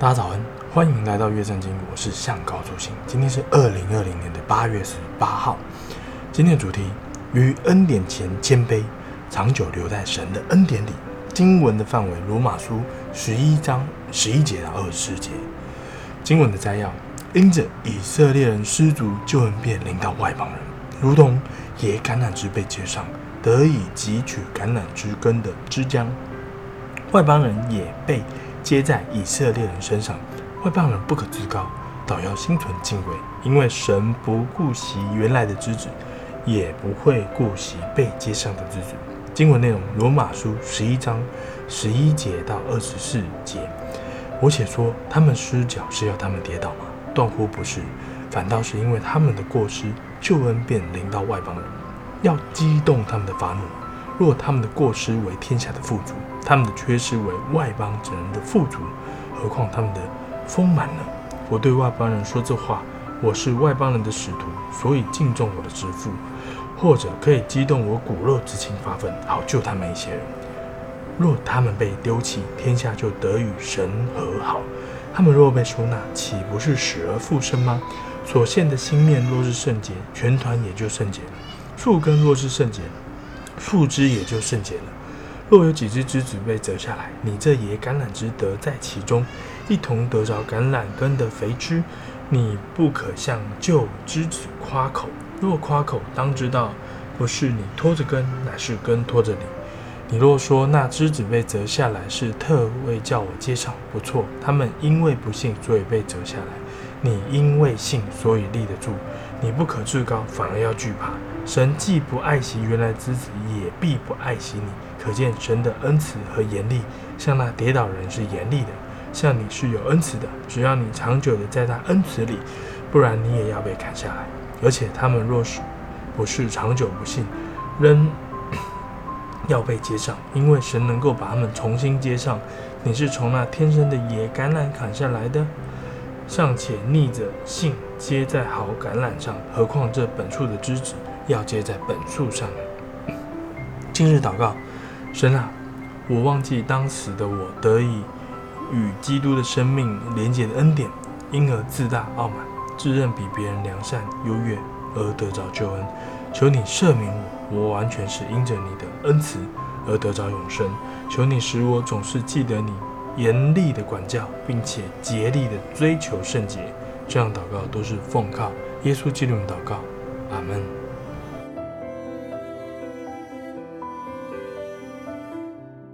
大家早安，歡迎來到樂聖經，我是向高朱興。今天是二零二零年的八月十八號。今天的主題：於恩典前謙卑，長久留在神的恩典裡。經文的範圍：羅馬書十一章十一節到二十四節。經文的摘要：因着以色列人失足，救恩便臨到外邦人，如同野橄欖枝被接上，得以汲取橄欖樹根的汁漿。外邦人也被接在以色列人身上，外邦人不可自高，倒要心存敬畏，因為神不顧惜原來的枝子，也不會顧惜被接上的枝子。經文內容，羅馬書十一章十一節到二十四節。我且說，他們失腳是要他們跌倒嗎？斷乎不是，反倒是因為他們的過失，救恩便臨到外邦人，要激動他們的發怒。若他們的過失為天下的富足，他們的缺失為外邦之人的富足，何況他們的豐滿呢？我對外邦人說這話，我是外邦人的使徒，所以敬重我的職分，或者可以激動我骨肉之情發憤，好救他們一些人。若他們被丟棄，天下就得與神和好；他們若被收納，豈不是死而復生嗎？所獻的新麵若是聖潔，全團也就聖潔了；樹根若是聖潔。樹枝也就聖潔了。若有幾隻枝子被折下來，你這野橄欖枝得在其中，一同得着橄欖根的肥汁。你不可向舊枝子誇口。若誇口，當知道不是你拖着根，乃是根拖着你。你若說那枝子被折下來是特為叫我接上。不錯，他們因為不信，所以被折下來。你因為信，所以立得住。你不可自高，反而要懼怕。神既不愛惜原來的枝子，也必不愛惜你。可見神的恩慈和嚴厲，像那跌倒人是嚴厲的，像你是有恩慈的。只要你長久的在他恩慈裡，不然你也要被砍下來。而且他們若是不是長久不信，仍 要被接上，因為神能夠把他們重新接上。你是從那天生的野橄欖砍下來的。尚且逆着性接在好橄欖上，何況這本樹的枝子要接在本樹上？今日禱告，神啊，我忘記當時的我得以與基督的生命連接的恩典，因而自大傲慢，自認比別人良善優越而得着救恩。求你赦免我，我完全是因着你的恩慈而得着永生。求你使我總是記得你。嚴厲的管教，並且竭力的追求聖潔，這樣禱告都是奉靠耶穌基督的禱告，阿門。